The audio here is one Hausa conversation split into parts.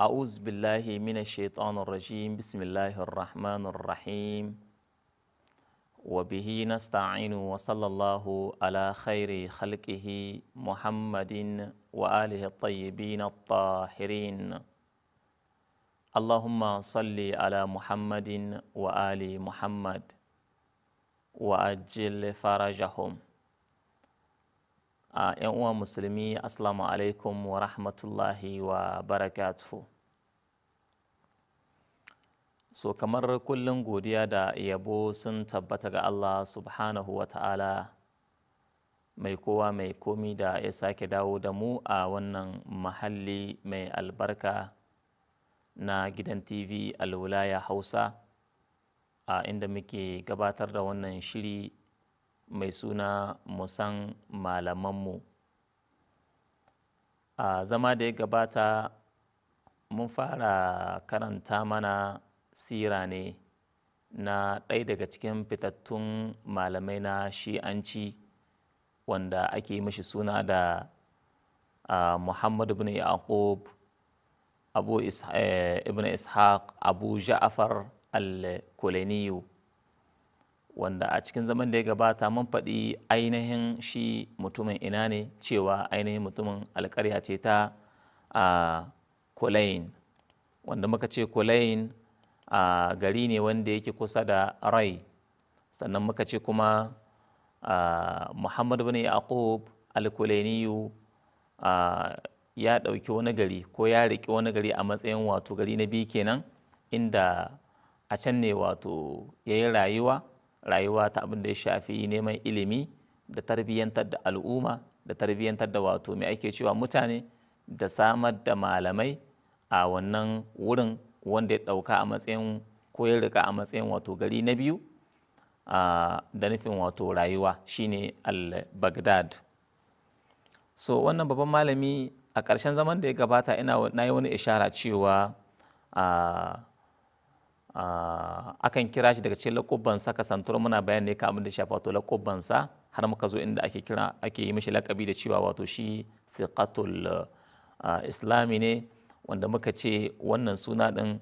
أعوذ بالله من الشيطان الرجيم بسم الله الرحمن الرحيم وبه نستعين وصلى الله على خير خلقه محمد وآله الطيبين الطاهرين اللهم صل على محمد وآل محمد وأجل فرجهم a yan uwa musulmi assalamu alaikum wa rahmatullahi wa barakatuhu so kamar kullum godiya da yabo sun tabbata ga Allah subhanahu wa ta'ala mai kowa mai komi da ya sake dawo da mu a wannan mahalli mai albarka na gidan tv alwulaya hausa a inda muke gabatar da wannan shiri mai suna musan malamanmu a zama da ya gabata mun fara karanta mana sira ne na ɗaya daga cikin fitattun malamai na shi'anci wanda ake mishi suna da Muhammadu ibn yaqub abu eh, ibn ishaq abu ja'far al-kuleniyu wanda a cikin zaman da ya gabata mun faɗi ainihin shi mutumin ina ne cewa ainihin mutumin alƙarya ce ta a kulain wanda muka ce kulain a gari ne wanda yake kusa da rai sannan muka ce kuma Muhammadu bin yaqub alkulainiyu ya ɗauki wani gari ko ya riƙe wani gari a matsayin wato gari na biyu kenan inda a can ne wato ya yi rayuwa rayuwa ta abin da ya shafi neman ilimi da tarbiyyantar da al'umma da tarbiyyantar da wato mai ake cewa mutane da samar da malamai a wannan wurin wanda ya ɗauka a matsayin ko ya rika a matsayin wato gari na biyu da nufin wato rayuwa shine al-baghdad so wannan babban malami a ƙarshen zaman da ya gabata ina na yi wani ishara cewa Ah, akan kira shi daga cikin ka santuro muna bayani ka abin da shafa wato laƙubansa har muka zo inda ake kira ake yi mishi lakabi da cewa wato shi siqatul ah, islami ne wanda muka ce wannan suna din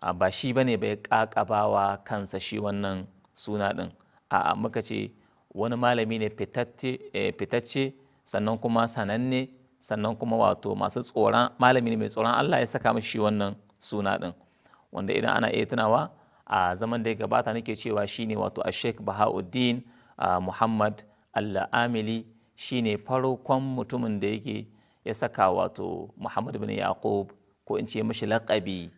ah, ba shi ba bai kakabawa kansa shi wannan suna din a muka ce wani malami ne eh, fitacce sannan kuma sananne sannan kuma wato masu tsoron malami ne mai tsoron Allah ya saka mishi wannan suna din. wanda idan ana iya tunawa a zaman da ya gabata nake cewa shine wato a sheikh bahauddin muhammad al'amili shine farkon mutumin da yake ya saka wato muhammad bin yaqub ko in ce mashi laƙabi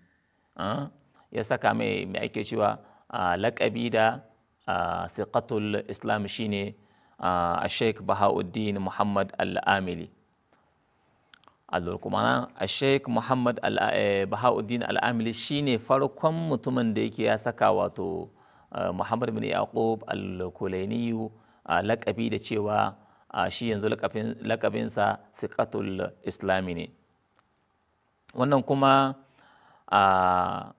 ya saka mai ake cewa laƙabi da siqatul islam shine a sheikh bahauddin muhammad al'amili al a sheik muhammad bahauddin al'amili shine farkon mutumin da yake ya saka wato eh, muhammad bin yaqub al-kulainiyu eh, lakabi da cewa eh, shi yanzu lakabinsa siqatul islami ne wannan kuma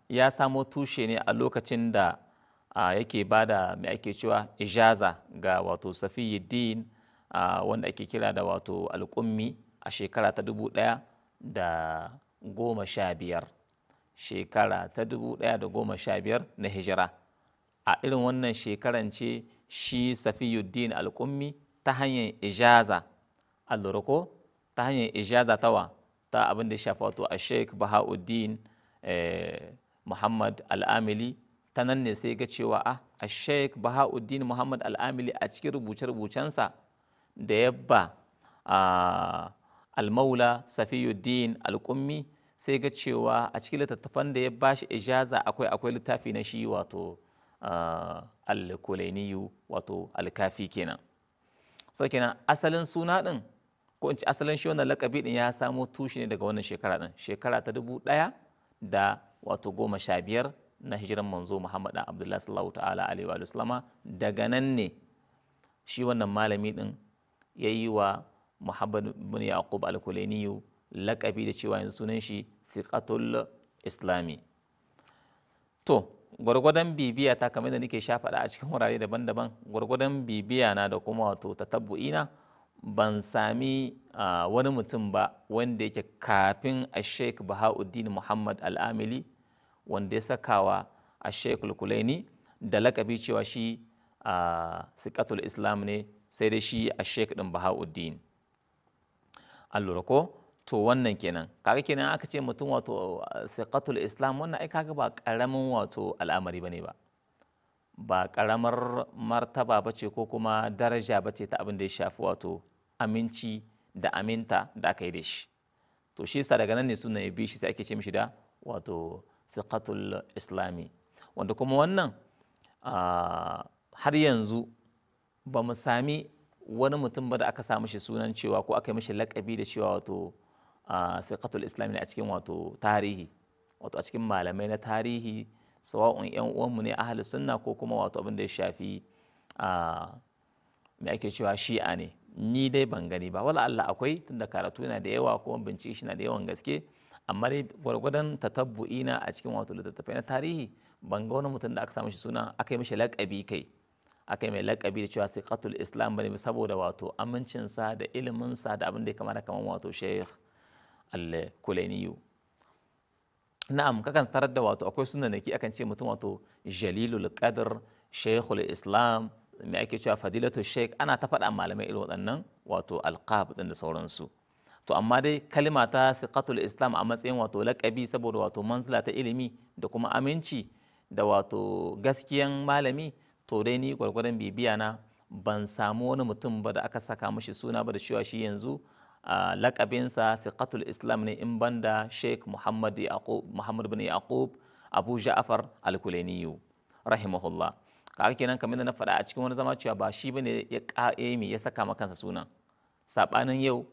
ya samo tushe ne a lokacin da yake ba da mai ake cewa ijaza ga wato safiyuddin wanda ake kira da wato alƙummi a shekara ta dubu ɗaya da goma sha biyar shekara ta dubu ɗaya da goma sha biyar na hijira a irin wannan shekaran ce shi safiyuddin alƙummi ta hanyar ijaza allura ko ta hanyar ijaza tawa ta abin da shafa wato a sheik bahauddin eh, muhammad al'amili ta nan ne sai ga cewa ah, a sheik bahauddin muhammad al'amili a cikin rubuce-rubucensa da yabba a ah, almaula safiyuddin alƙummi sai ga cewa a cikin littattafan da ya ba shi ijaza akwai akwai littafi na shi wato ah, alkulainiyu wato alkafi kenan sau kenan asalin suna ɗin ko in ci asalin shi wannan lakabi ɗin ya samo tushe ne daga wannan shekara ɗin shekara ta dubu ɗaya da wato goma sha biyar na hijiran manzo muhammad abdullahi sallallahu ta'ala alaihi wa sallama daga nan ne shi wannan malami ɗin ya yi wa muhammad bin yaqub al-kulainiyu laƙabi da cewa yanzu sunan shi siqatul islami to gwargwadon bibiya ta kamar da nake shafaɗa a cikin wurare daban-daban gwargwadon bibiya na da kuma wato tatabbu'ina ban sami wani mutum ba wanda yake kafin a sheik baha'uddin muhammad al'amili wanda ya sakawa a sheik kulaini da lakabi cewa shi a sikatul islam ne sai da shi a sheik din baha'uddin allura ko to wannan kenan kaga kenan aka ce mutum wato eh, siqatul islam wannan ai kaga ba karamin wato al'amari bane ba ba karamar martaba bace ko kuma daraja bace ta abin da ya shafi wato aminci da aminta da aka yi da shi to shi sa daga nan ne sunan ya bi shi sai ake ce mishi da wato siqatul islami wanda kuma wannan ah, har yanzu ba mu sami wani mutum ba da aka samu shi sunan cewa ko aka yi mishi lakabi da cewa wato sirkatul islami ne a cikin wato tarihi wato a cikin malamai na tarihi sawa'un yan uwanmu ne ahli sunna ko kuma wato abin da ya shafi me ake cewa shi'a ne ni dai ban gani ba wala Allah akwai tunda karatu yana da yawa kuma bincike shi na da yawan gaske amma dai gwargwadon tatabbu'ina a cikin wato littattafai na tarihi ban ga wani mutum da aka samu shi suna aka yi mishi lakabi kai aka yi mai lakabi da cewa siqatul islam bane saboda wato amincinsa da iliminsa da abin da ya kamata kamar wato sheikh al-kulainiyu na'am kakan tarar da wato akwai sunan da ke akan ce mutum wato jalilul qadr sheikhul islam mai ake cewa fadilatu sheikh ana ta faɗa malamai irin waɗannan wato alqab din da sauransu to amma dai kalima ta siqatul islam a matsayin wato lakabi saboda wato manzila ta ilimi da kuma aminci da wato gaskiyan malami to dai ni gwargwadon bibiya na ban samu wani mutum ba da aka saka mashi suna ba da cewa shi yanzu lakabinsa fiqatul islam ne in banda sheikh muhammad muhammad bin yaqub abu ja'far al-kuleniyu rahimahullah ake kenan kamar da na faɗa a cikin wani zama cewa ba shi bane ya ƙa'emi ya saka kansa suna sabanin yau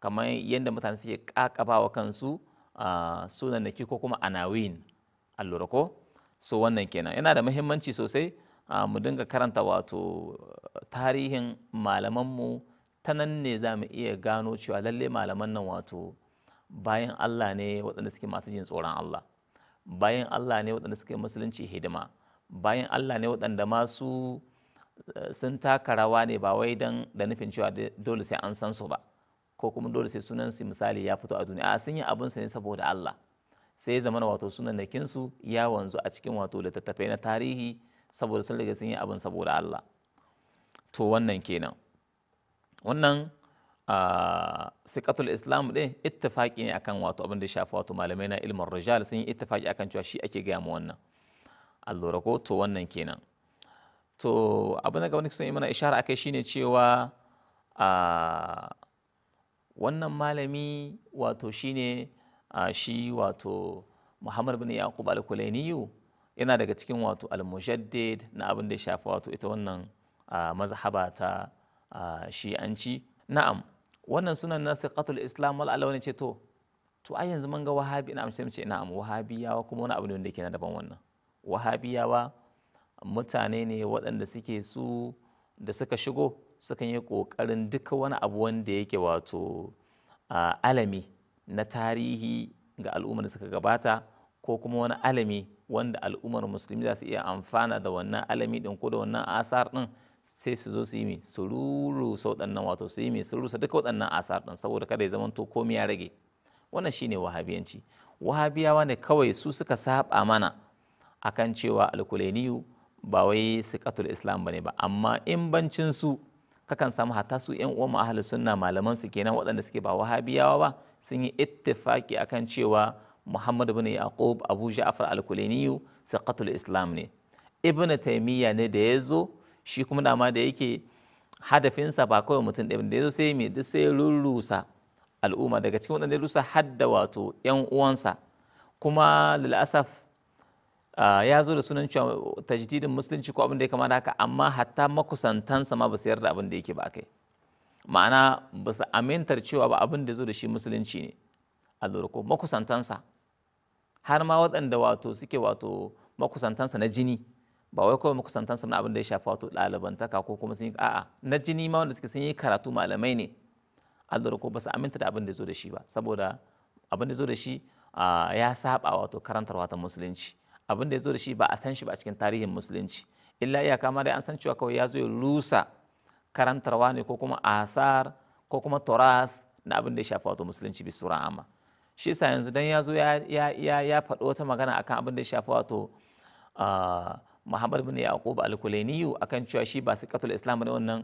kamar yadda mutane suke wa kansu sunan naki ko kuma anawin allura ko so wannan kenan yana da muhimmanci sosai a ah, mu dinga karanta wato eh, tarihin malamanmu ta nan ne za mu iya gano cewa lalle malaman nan wato bayan Allah ne waɗanda suke masu jin tsoron Allah bayan Allah ne waɗanda suke musulunci hidima bayan Allah ne waɗanda masu eh, sun taka rawa ne ba wai don da nufin cewa dole sai an san su ba ko kuma dole sai sunan su misali ya fito a duniya a sun yi abin su ne saboda Allah sai zamana wato sunan kinsu ya wanzu a cikin wato littattafai na tarihi saboda sun riga sun yi abin saboda Allah to wannan kenan wannan sikatul islam ɗin ittifaki ne akan wato abin da shafi wato malamai na ilmin rijal sun yi ittifaki akan cewa shi ake gaya mu wannan allura ko to wannan kenan to abin da gabanin sun yi mana ishara akai shine cewa wannan malami wato shine shi wato muhammad bin yaqub al kulayniyu yana daga cikin wato almushaddid na abin da ya shafi wato ita wannan mazhaba ta shi'anci na'am wannan sunan na siqatul islam wal alawani ce to to ai yanzu mun ga wahabi na'am sai na'am wahabiyawa kuma wani abu ne wanda yake na daban wannan wahabiyawa mutane ne waɗanda suke su da suka shigo sukan yi ƙoƙarin duka wani abu wanda yake wato alami na tarihi ga al'ummar da suka gabata ko kuma wani alami wanda al'ummar musulmi za su iya amfana da wannan alami din ko da wannan asar din sai su zo su yi mai sururu sau ɗannan wato su yi mai sururu sa duka waɗannan asar ɗin saboda kada ya zama to komai ya rage wannan shine wahabiyanci wahabiyawa ne kawai su suka saba mana akan cewa alkuleniyu ba wai siqatul islam bane ba amma in bancin su kakan samu hata su yan uwan ahlus sunna malaman su kenan waɗanda suke ba wahabiyawa ba sun yi ittifaki akan cewa muhammad bin yaqub abu ja'far al-kuleniyu thiqatul islam ne ibn taymiya ne da yazo shi kuma dama da yake hadafinsa ba kawai mutum ɗaya da yazo sai mai duk sai rurrusa al'umma daga cikin waɗanda ya rusa hadda wato yan uwansa kuma lil'asaf ya zo da sunan cewa tajdidin musulunci ko abin da ya kama da haka amma hatta makusantansa ma ba su yarda abin da yake ba kai ma'ana ba su amintar cewa ba abin da zo da shi musulunci ne a lura ko makusantansa har ma waɗanda wato suke wato makusantansa na jini ba wai kawai makusantansa na abin da ya shafi wato ɗalibantaka ko kuma sun yi a'a na jini ma wanda suke sun yi karatu malamai ne allura ko ba aminta da abin da zo da shi ba saboda abin da zo da shi ya saba wato karantarwa ta musulunci abin da ya zo da shi ba a san shi ba a cikin tarihin musulunci illa iya kama dai an san cewa kawai ya zo ya rusa karantarwa ne ko kuma asar ko kuma toras na abin da ya shafi wato musulunci bi sura amma shi sa yanzu dan ya zo ya faɗo wata magana akan abin da ya shafi wato Muhammad bin Yaqub al-Kulayni akan cewa shi ba katul Islam ne wannan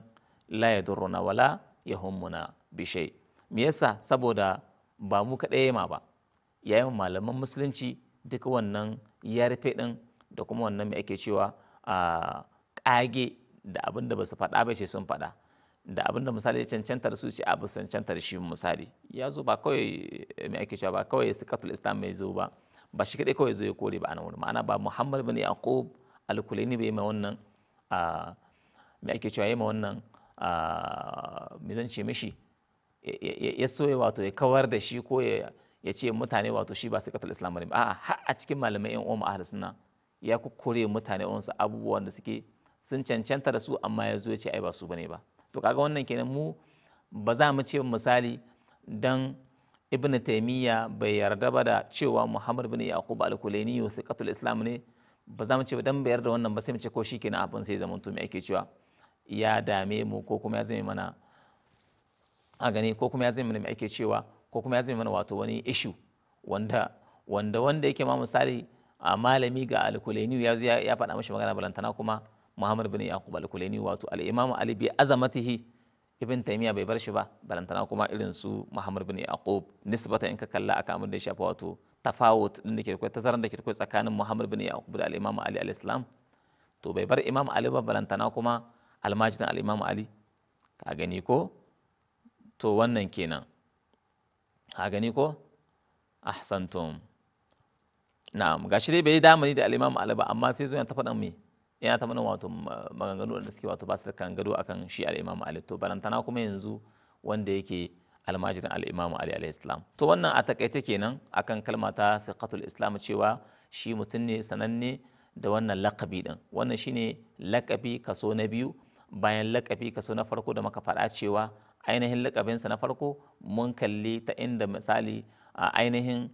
la yadurruna wala yahummuna bi shay me yasa saboda ba mu kaɗai ma ba yayin malaman musulunci duka wannan ya rufe din da kuma wannan mai ake cewa a ƙage da abin da ba su faɗa ba ce sun faɗa da abin da misali cancantar su ce abu cancantar shi misali ya zo ba kawai eh, mai ake cewa ba kawai sikatul islam mai zo ba ba shi kadai kawai zo ya kore ba ana wani ma'ana ba muhammad bin yaqub al-kulaini bai mai wannan ah, mai ake cewa ya mai wannan ah, me zan ce mishi ya so ya wato ya kawar da shi ko ya ce mutane wato shi ba sikatul islam bane a'a har a cikin malamai yan umma ahlus sunna ya kukkure mutane wansu abubuwan da suke sun cancanta da su amma ya zo ya ce ai ba su bane ba to kaga wannan kenan mu ba za mu ce misali dan ibn taimiyya bai yarda ba da cewa muhammad bin yaqub al-kulaini thiqatul islam ne ba za mu ce dan bai yarda wannan ba sai mu ce ko shikenan abin sai zaman to me ake cewa ya dame mu ko kuma ya zame mana a gani ko kuma ya zame mana me ake cewa ko kuma ya zame mana wato wani issue wanda wanda wanda yake ma misali a malami ga al-kulaini ya ya faɗa mishi magana balantana kuma muhammad bin yaqub al-kulaini wato al imam ali bi azamatihi ibn taymiya bai bar shi ba balantana kuma irin su muhammad bin yaqub nisbata in ka kalla akan abin da ya shafi wato tafawut din da ke kai tazaran da ke kai tsakanin muhammad bin yaqub da al-imam ali al-islam to bai bar imam ali ba balantana kuma almajidin al-imam ali ka gani ko to wannan kenan ka gani ko ahsantum na'am gashi dai bai yi damani da al-imam ali ba amma sai zo ya tafadan mai yana ta mana wato maganganu da suke wato ba su gado akan shi al-Imam Ali to barantana kuma yanzu wanda yake almajirin al-Imam Ali alayhi salam to wannan a takaice kenan akan kalma ta siqatul islam cewa shi mutum ne sananne da wannan lakabi din wannan shine lakabi kaso na biyu bayan lakabi kaso na farko da muka faɗa cewa ainihin lakabinsa na farko mun kalli ta inda misali a ainihin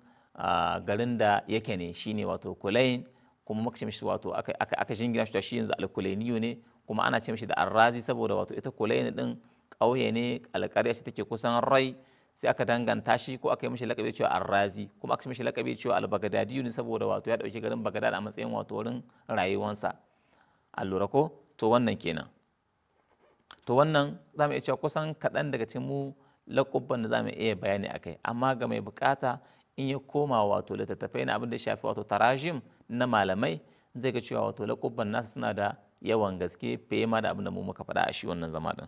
garin da yake ne shine wato kulain kuma maka mishi wato aka shingina shi shi yanzu alkuleniyu ne kuma ana ce mishi da arrazi saboda wato ita kulaini din ƙauye ne alƙarya shi take kusan rai sai aka danganta shi ko aka yi mishi laƙabi cewa arrazi kuma aka mishi lakabi cewa a ne saboda wato ya dauki garin bagadad a matsayin wato wurin rayuwansa allura ko to wannan kenan to wannan za mu iya cewa kusan kaɗan daga cikin mu laƙubban da za mu iya bayani akai amma ga mai bukata in ya koma wato littattafai na abin da shafi wato tarajim na malamai zai ga cewa wato lakubban nasu suna da yawan gaske fiye ma da abin da mu muka faɗa a shi wannan zama ɗin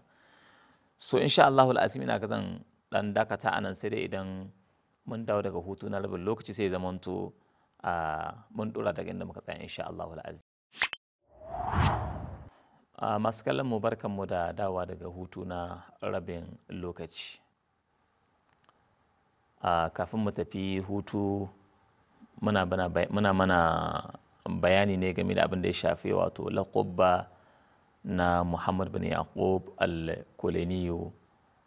so insha Allahu al'azim ina ga zan dan dakata anan sai dai idan mun dawo daga hutu na rabin lokaci sai to a mun dora daga inda muka tsaya insha Allahu al'azim a masu kallon mu barkan mu da dawa daga hutu na rabin lokaci kafin mu tafi hutu muna mana bayani ne game da abin da ya shafi wato laƙubba na muhammad bin yaqub al kuleniyu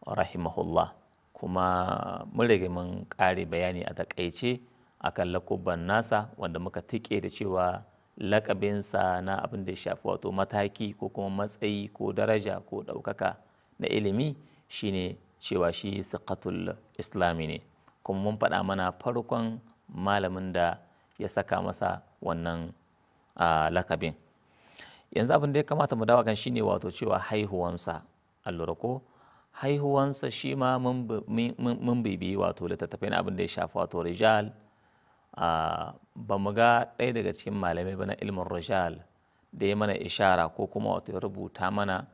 rahimahullah kuma mun rage mun ƙare bayani a takaice akan laƙubban nasa wanda muka tike da cewa laƙabinsa na abin da ya shafi wato mataki ko kuma matsayi ko daraja ko ɗaukaka na ilimi shine cewa shi siqatul islami ne kuma mun faɗa mana farkon malamin da ya saka masa wannan lakabin yanzu abin da ya kamata mu dawa kan shine wato cewa haihuwansa allura ko haihuwansa shi ma mun bibi wato littattafai na abin da ya shafi wato rijal ba mu ga ɗaya daga cikin malamai ba na ilmin rijal da ya mana ishara ko kuma wato ya rubuta mana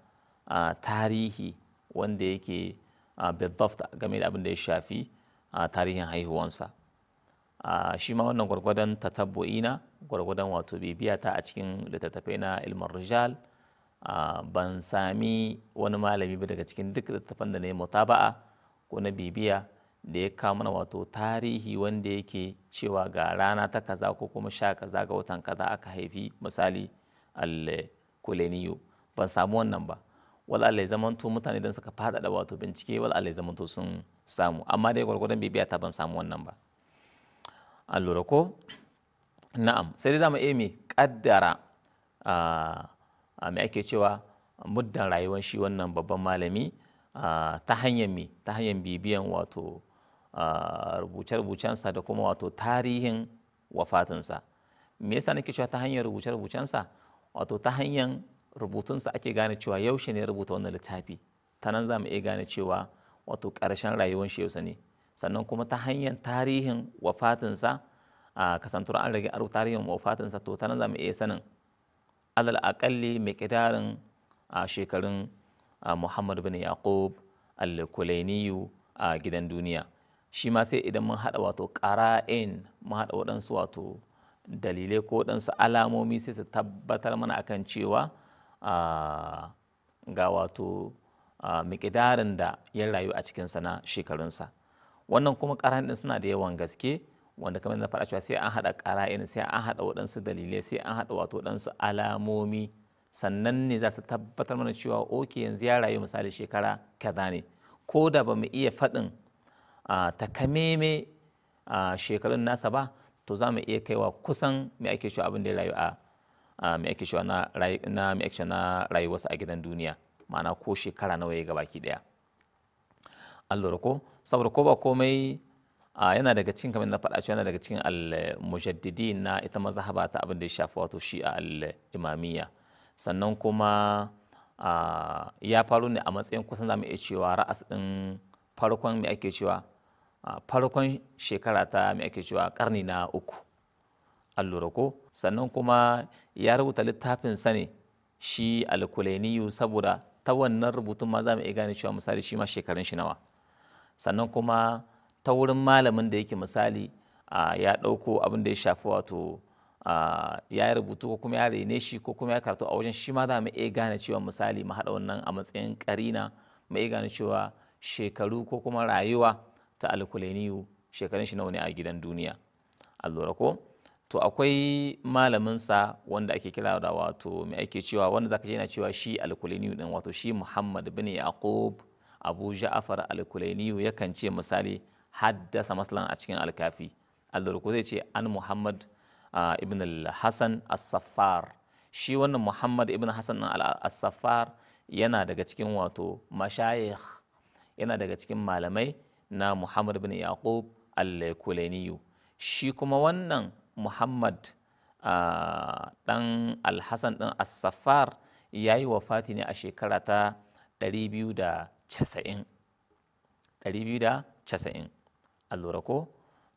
tarihi wanda yake bidhaft game da abin da ya shafi tarihin haihuwansa a shi ma wannan gwargwadon tatabbu'ina gwargwadon wato bibiya ta a cikin littattafai na ilmar rijal ban sami wani malami ba daga cikin duk littattafan da na yi mutaba'a ko na bibiya da ya kawo mana wato tarihi wanda yake cewa ga rana ta kaza ko kuma sha kaza ga watan kaza aka haifi misali al-kuleniyo ban samu wannan ba wal'ala ya zamanto mutane don suka faɗaɗa wato bincike wal'ala ya zamanto sun samu amma dai gwargwadon bibiya ta ban samu wannan ba an lura ko na'am sai dai zamu iya mai kaddara a mai ake cewa muddan rayuwar shi wannan babban malami ta hanyar mi ta hanyar bibiyan wato rubuce-rubucensa da kuma wato tarihin wafatinsa me yasa nake cewa ta hanyar rubuce-rubucensa wato ta hanyar rubutunsa ake gane cewa yaushe ne rubuta wannan littafi ta nan za mu iya gane cewa wato ƙarshen rayuwar shi yau ne sannan kuma ta hanyar tarihin wafatinsa a kasantar an rage aro tarihin wafatinsa to ta zamu iya sanin alal akalli mai kidarin a shekarun Muhammadu bin yaqub al-kulainiyu a gidan duniya shi ma sai idan mun haɗa wato ƙara'in mun haɗa waɗansu wato dalilai ko waɗansu alamomi sai su tabbatar mana akan cewa ga wato mikidarin da ya rayu a cikin sana shekarunsa wannan kuma ƙara'in din suna da yawan gaske wanda kamar na faɗa cewa sai an haɗa ƙara'in sai an haɗa waɗansu dalilai sai an haɗa wato waɗansu alamomi sannan ne za su tabbatar mana cewa oke yanzu ya rayu misali shekara kaza ne ko da ba mu iya faɗin takameme shekarun nasa ba to za mu iya kaiwa kusan mai ake cewa abin da ya rayu a mai ake cewa na rayuwarsa a gidan duniya ma'ana ko shekara nawa ya gabaki daya. allura ko saboda ko ba komai a yana daga cikin kamar na faɗa yana daga cikin al-mujaddidi na ita mazhaba ta abin da ya shafi wato shi'a al-imamiyya sannan kuma ya faru ne a matsayin kusan zamu iya cewa ra'as din farkon me ake cewa farkon shekara ta me ake cewa karni na uku allura ko sannan kuma ya rubuta littafin sani ne shi al saboda ta wannan rubutun ma za mu iya gane cewa misali shi ma shekarun shi nawa sannan kuma ta wurin malamin da yake misali ya ɗauko abin da ya shafi wato ya yi rubutu ko kuma ya rene shi ko kuma ya karatu a wajen shi ma za mu iya gane cewa misali mu haɗa wannan a matsayin ƙarina mu iya gane cewa shekaru ko kuma rayuwa ta alkuleniyu shekarun shi nawa ne a gidan duniya allura ko to akwai malaminsa wanda ake kira da wato mai ake cewa wanda zaka je yana cewa shi alkuleniyu din wato shi muhammad bin yaqub abu ja'afar al yakan ce misali haddasa maslan a cikin alkafi al-durku zai ce an muhammad ibn al-hasan as-saffar shi wannan muhammad ibn hasan as-saffar yana daga cikin wato mashayikh yana daga cikin malamai na muhammad ibn yaqub al shi kuma wannan muhammad dan al-hasan din as-saffar ya wafati ne a shekara ta 200 casa'in ɗari biyu da casa'in allura ko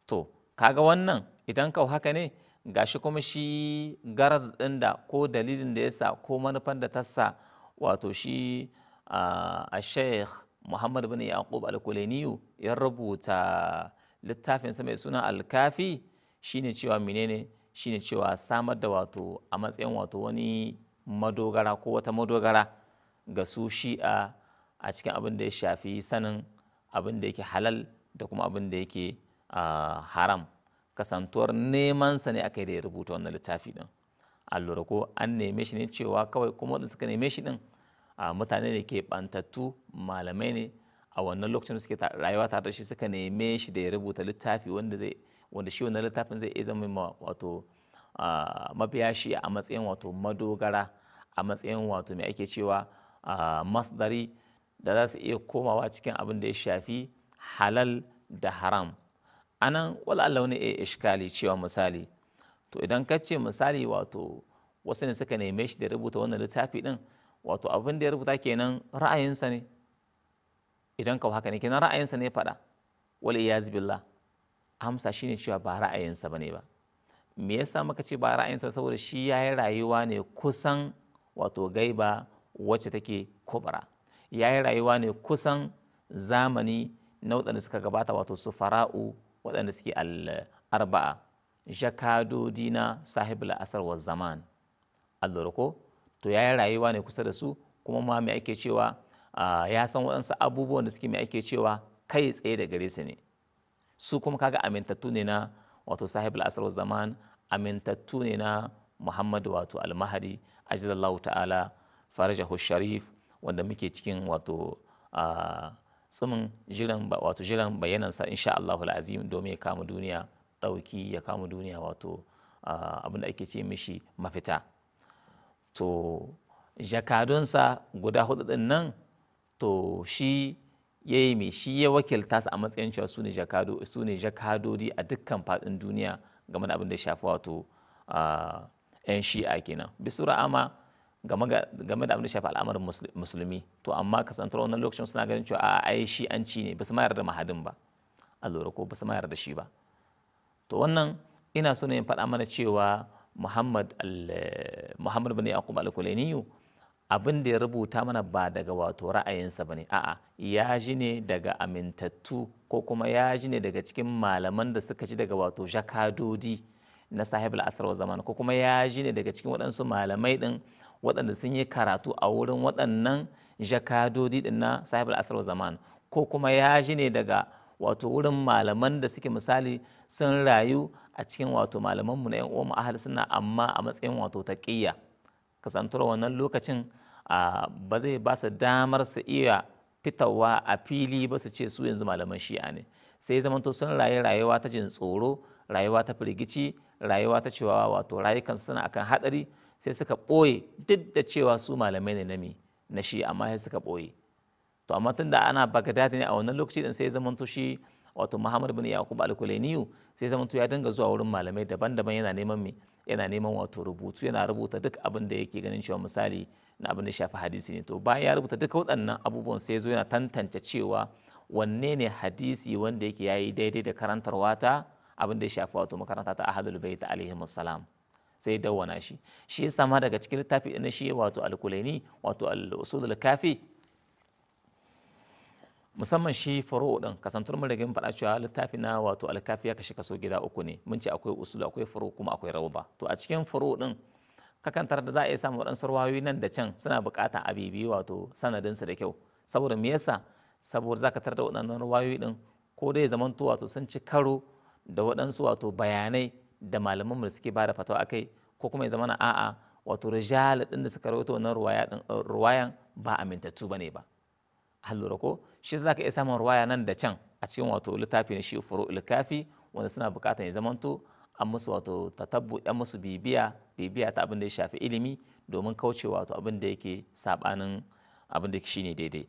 to kaga wannan idan kau haka ne gashi kuma shi garar ɗin da ko dalilin da ya sa ko manufan da ta sa wato shi a sheikh muhammad bin yaqub al-kuleniyu ya rubuta littafinsa mai suna alkafi shine cewa menene shine cewa samar da wato a matsayin wato wani madogara ko wata madogara ga su shi'a a cikin abin da ya shafi sanin abin da yake halal da kuma abin da yake haram kasantuwar neman sa ne aka yi da ya rubuta wannan littafi din allura ko an neme shi ne cewa kawai kuma wadanda suka neme shi din mutane ne ke bantattu malamai ne a wannan lokacin da suke rayuwa tare da shi suka neme shi da ya rubuta littafi wanda zai wanda shi wannan littafin zai iya zama wato mabiya shi a matsayin wato madogara a matsayin wato mai ake cewa masdari da za su iya komawa cikin abin da ya shafi halal da haram anan Allah wani iya ishkali cewa misali to idan ka ce misali wato wasu ne suka neme shi da rubuta wannan littafi din wato abin da ya rubuta kenan ra'ayinsa ne idan ka haka ne kenan ra'ayinsa ne faɗa wala iyaz billah amsa shine cewa ba ra'ayinsa bane ba me yasa muka ce ba ra'ayinsa saboda shi yayi rayuwa ne kusan wato gaiba wacce take kubra ya yi rayuwa ne kusan zamani na waɗanda suka gabata wato su fara'u waɗanda suke al'arba'a jakadodi na sahib asar wa zaman ko to ya yi rayuwa ne kusa da su kuma ma mai ake cewa ya san waɗansu abubuwan da suke mai ake cewa kai tsaye da gare su ne su kuma kaga amintattu ne na wato sahib asar wa zaman amintattu ne na muhammadu wato almahadi ajiyar ta'ala farajahu sharif wanda muke cikin wato a tsumin jiran wato jiran sa insha Allahu azim domin ya kama duniya ɗauki ya kama duniya wato abin da ake ce mishi mafita to jakadunsa guda hudu din nan to shi ya yi mai shi ya wakilta su a matsayin cewa su ne jakado su ne jakadodi a dukkan faɗin duniya game da abin da ya shafi wato yan shi'a kenan bisura ama game da abin da shafi al'amarin musulmi to amma kasantar wannan lokacin suna ganin cewa a ai shi an ci ne basu ma da mahadin ba a lura ko basu ma da shi ba to wannan ina so ne in faɗa mana cewa muhammad muhammad bin yaqub al kulainiyu abin da ya rubuta mana ba daga wato ra'ayinsa bane a'a ya ji ne daga amintattu ko kuma ya ji ne daga cikin malaman da suka ji daga wato jakadodi na sahibul asrar zaman ko kuma ya ji ne daga cikin waɗansu malamai din waɗanda sun yi karatu a wurin waɗannan jakadodi din na sahibul zaman ko kuma ya ji ne daga wato wurin malaman da suke misali sun rayu a cikin wato mu na 'yan uwa ahal suna amma a matsayin wato taƙiyya kasantar wannan lokacin ba zai ba su damar su iya fitawa a fili ba su ce su yanzu malaman shi'a ne sai zamanto sun raye rayuwa ta jin tsoro rayuwa ta firgici rayuwa ta cewa wato rayukan suna akan hadari sai suka ɓoye duk da cewa su malamai ne na mi na shi amma sai suka ɓoye to amma tunda ana bagdad ne a wannan lokaci din sai ya zamanto shi wato muhammad bin yakubu al sai ya zamanto ya dinga zuwa wurin malamai daban-daban yana neman mi yana neman wato rubutu yana rubuta duk abin da yake ganin cewa misali na abin da shafi hadisi ne to bayan ya rubuta duka waɗannan abubuwan sai ya zo yana tantance cewa wanne ne hadisi wanda yake yayi daidai da karantarwa ta abin da ya shafi wato makaranta ta ahadul bayt alaihi salam sai dawwana shi shi yasa ma daga cikin littafi ɗin shi wato alkulaini wato al-usul kafi musamman shi furu'u din kasantar mun rage mun faɗa cewa littafi na wato alkafi ya kashi kaso gida uku ne mun ce akwai usul akwai furu'u kuma akwai rawba to a cikin furu'u din kakantar da za a iya samu waɗansu ruwayoyi nan da can suna bukata a bibi wato sanadinsu da kyau saboda me yasa saboda zaka tarda waɗannan ruwayoyi din ko dai zamanto wato sun ci karo da waɗansu wato bayanai da malaman da suke bada fatawa a kai ko kuma ya zama a'a wato rijal ɗin da suka rawaito wannan eh, ruwayan ba amintattu bane ba an ko shi zaka iya samun ruwaya nan da can a cikin wato littafi na shi furu'ul kafi wanda suna bukatar ya zamanto an musu wato tatabbu an musu bibiya bibiya ta abin da ya shafi ilimi domin kauce wato abin da yake sabanin abin da shine daidai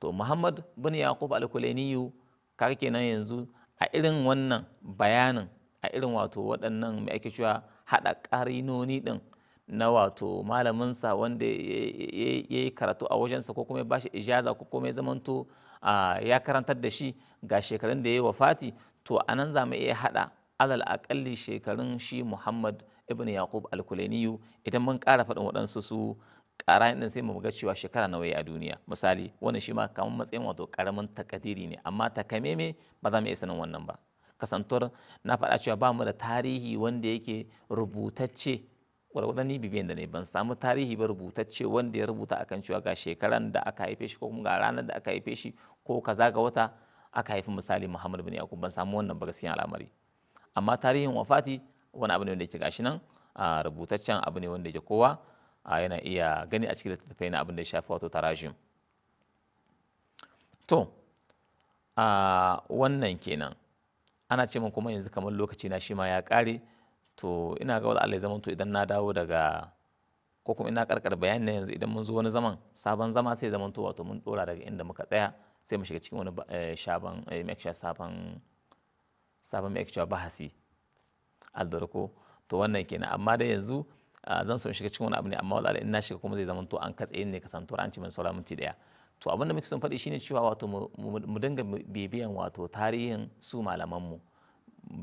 to muhammad bin yaqub al-kuleniyu kake kenan yanzu a irin wannan bayanin a irin wato waɗannan mai ake cewa haɗa ƙarinoni ɗin na wato malaminsa wanda ya yi karatu a wajensa ko kuma ya bashi ijaza ko kuma ya zamanto ya karantar da shi ga shekarun da ya yi wafati to a nan za mu iya haɗa alal aƙalli shekarun shi muhammad ibn yaqub alkuleniyu idan mun ƙara faɗin waɗansu su ƙara ɗin sai mu ga cewa shekara nawa a duniya misali wannan shi ma kamar matsayin wato ƙaramin takadiri ne amma takameme ba za mu iya sanin wannan ba kasantuwar na faɗa cewa ba mu da tarihi wanda yake rubutacce gwargwadon ni bibiyan da ne ban samu tarihi ba rubutacce wanda ya rubuta akan cewa ga shekaran da aka haife shi ko kuma ga ranar da aka haife shi ko kaza ga wata aka haifi misali Muhammad bin Yakub ban samu wannan ba gaskiyan al'amari amma tarihin wafati wani abu ne wanda yake gashi nan rubutaccen abu ne wanda yake kowa yana iya gani a cikin littattafai na abin da ya shafi wato tarajim to wannan kenan ana ce min kuma yanzu kamar lokaci na shi ma ya ƙare to ina ga wani Allah zaman to idan na dawo daga ko kuma ina karkar bayani na yanzu idan mun zo wani zaman sabon zama sai zaman to wato mun dora daga inda muka tsaya sai mu shiga cikin wani eh, shaban eh, mekshar sabon sabon mekshar bahasi albarko to wannan kenan amma da yanzu ah, zan so shiga cikin wani abu ne amma wala in na shiga kuma zai zaman to an katse ne kasantuwar an ci min saura minti daya to abinda muke son faɗi shine cewa wato mu dinga bibiyan wato tarihin su malamanmu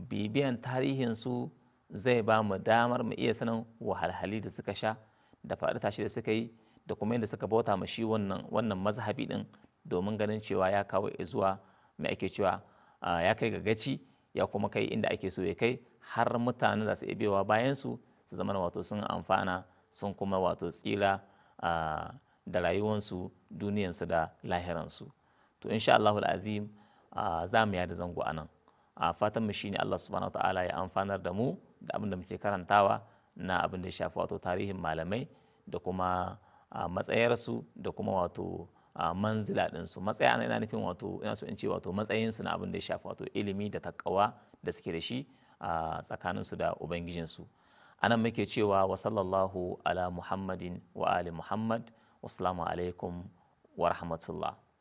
bibiyan tarihin su zai ba mu damar mu iya sanin wahalhali da suka sha da faɗi tashi da suka yi da kuma yadda suka bauta mu shi wannan wannan mazhabi din domin ganin cewa ya kawo zuwa mai ake cewa ya kai ga gaci ya kuma kai inda ake so ya kai har mutane za su iya bayan su su zama wato sun amfana sun kuma wato tsira da rayuwansu duniyansu da lahiransu to insha Allahu azim za mu yada zango a nan a fatan mu shine Allah subhanahu ta'ala ya amfanar da mu da abin da muke karantawa na abin da ya shafi wato tarihin malamai da kuma matsayarsu da kuma wato manzila ɗinsu matsaya ana ina nufin wato ina so in ce wato matsayinsu na abin da ya shafi wato ilimi da takawa da suke da shi a tsakaninsu da ubangijinsu anan muke cewa wa sallallahu ala muhammadin wa ali muhammad والسلام عليكم ورحمة الله